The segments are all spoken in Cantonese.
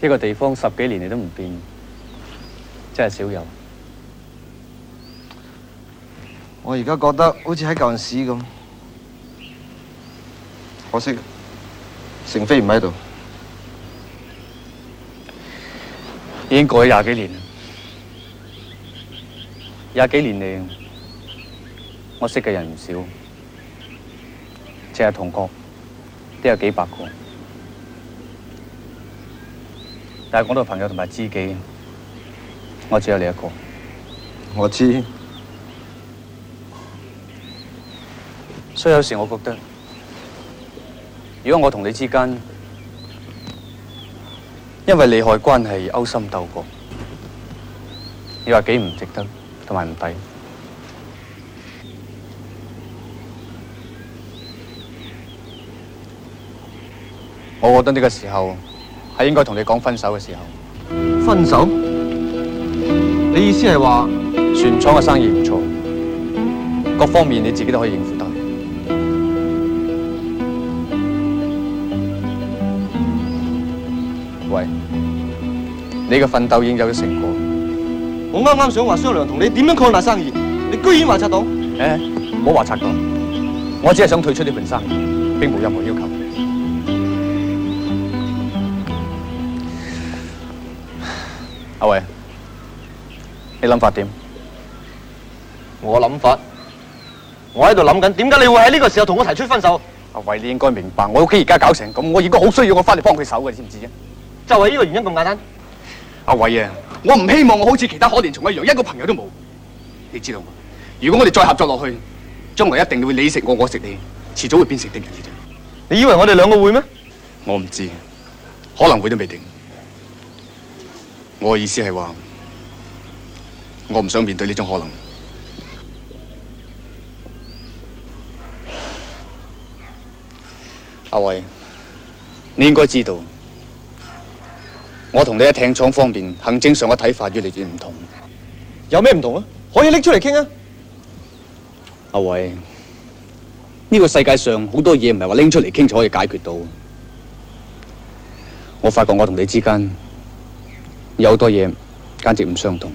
這個地方十幾年嚟,都唔變，真係少有。我而家覺得好似喺舊時咁，可惜成飛唔喺度，已經過去廿幾年了。廿幾年嚟，我認識嘅人唔少，即係同學都有幾百個。但係講到朋友同埋知己，我只有你一個。我知，所以有時我覺得，如果我同你之間因為利害關係而勾心鬥角，你話幾唔值得同埋唔抵？我覺得呢個時候。係應該同你講分手嘅時候。分手？你意思係話船廠嘅生意唔錯，各方面你自己都可以應付得嚟？喂，你嘅奮鬥已經有咗成果。我啱啱想話商量同你點樣擴大生意，你居然話拆檔？誒，唔好話拆檔，我只係想退出呢盤生意，並冇任何要求。阿偉，你諗法點？我諗法，我喺度諗緊，點解你會喺呢個時候同我提出分手？阿偉，你應該明白，我屋企而家搞成咁，我應該好需要我翻嚟幫佢手嘅，你知唔知啫？就係呢個原因咁簡單。阿偉啊，我唔希望我好似其他可憐蟲一樣，一個朋友都冇。你知道嗎？如果我哋再合作落去，將來一定會你食我，我食你，遲早會變成敵人嘅。你以為我哋兩個會咩？我唔知，可能會都未定。我嘅意思係話，我唔想面對呢種可能。阿偉，你應該知道，我同你喺艇廠方面行政上嘅睇法越來越唔同。有咩唔同啊？可以拎出嚟傾啊？阿偉，呢個世界上好多嘢唔係話拎出嚟傾就可以解決到。我發覺我同你之間。有好多嘢，簡直唔相同。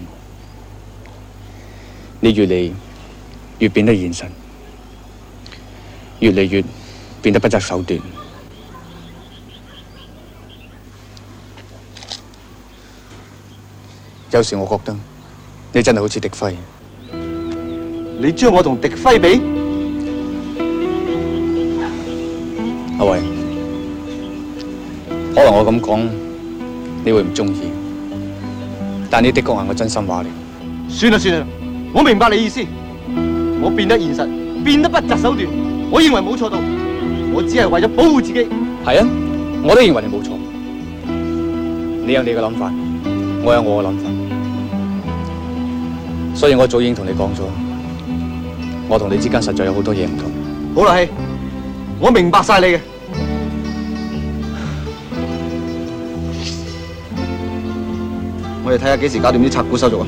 你越嚟越變得現實，越嚟越變得不擇手段。有時我覺得你真係好似狄輝。你將我同狄輝比？阿偉，啊，可能我咁講，你會唔中意？但你的確係我真心話嚟。算啦算啦，我明白你意思。我變得現實，變得不擇手段。我認為冇錯到，我只係為咗保護自己。係啊，我都認為你冇錯。你有你嘅諗法，我有我嘅諗法。所以我早已經同你講咗，我同你之間實在有好多嘢唔同。好啦，希，我明白晒你嘅。我哋睇下幾時搞掂啲拆股手續啊！